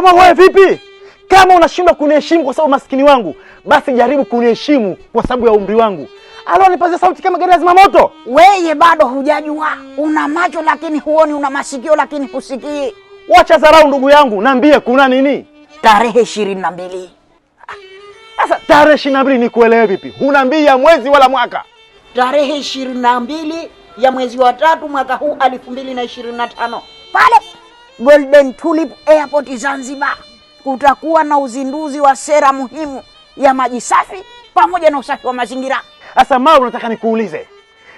Mfano wewe vipi? Kama unashindwa kuniheshimu kwa sababu maskini wangu, basi jaribu kuniheshimu kwa sababu ya umri wangu. Alo, nipaze sauti kama gari ya zimamoto. Weye bado hujajua, una macho lakini huoni, una masikio lakini husikii. Wacha dharau ndugu yangu, niambie kuna nini? Tarehe ishirini na mbili. Sasa tarehe ishirini na mbili nikuelewe vipi? Huniambii ya mwezi wala mwaka. Tarehe ishirini na mbili ya mwezi wa tatu mwaka huu elfu mbili na ishirini na tano pale Golden Tulip Airport Zanzibar kutakuwa na uzinduzi wa sera muhimu ya maji safi pamoja na usafi wa mazingira. Sasa Mau, nataka nikuulize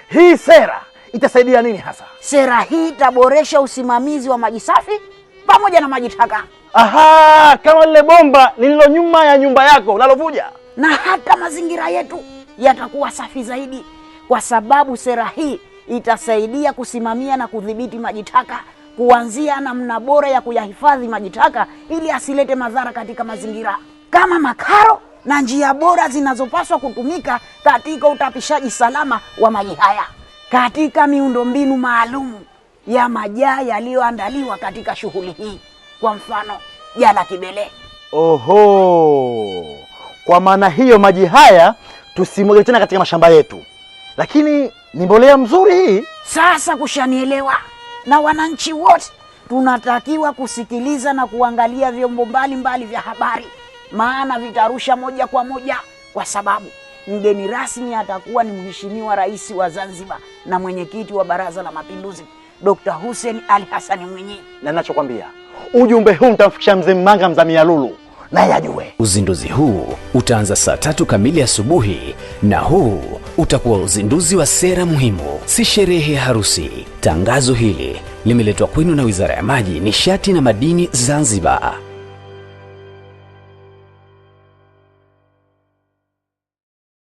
hii sera itasaidia nini hasa? Sera hii itaboresha usimamizi wa maji safi pamoja na maji taka. Aha, kama lile bomba lililo nyuma ya nyumba yako unalovuja, na hata mazingira yetu yatakuwa safi zaidi, kwa sababu sera hii itasaidia kusimamia na kudhibiti maji taka kuanzia namna bora ya kuyahifadhi maji taka ili asilete madhara katika mazingira kama makaro na njia bora zinazopaswa kutumika katika utapishaji salama wa maji haya katika miundombinu maalum ya majaa yaliyoandaliwa katika shughuli hii. Kwa mfano jala Kibele. Oho, kwa maana hiyo maji haya tusimwage tena katika mashamba yetu, lakini ni mbolea mzuri hii. Sasa kushanielewa na wananchi wote tunatakiwa kusikiliza na kuangalia vyombo mbalimbali vya habari, maana vitarusha moja kwa moja, kwa sababu mgeni rasmi atakuwa ni Mheshimiwa Rais wa Zanzibar na mwenyekiti wa Baraza la Mapinduzi Dr. Hussein Ali Hassan Mwinyi. Na ninachokwambia ujumbe huu nitamfikisha mzee Mmanga lulu naye ajue. Uzinduzi huu utaanza saa tatu kamili asubuhi na huu utakuwa uzinduzi wa sera muhimu, si sherehe ya harusi. Tangazo hili limeletwa kwenu na Wizara ya Maji, Nishati na Madini Zanzibar.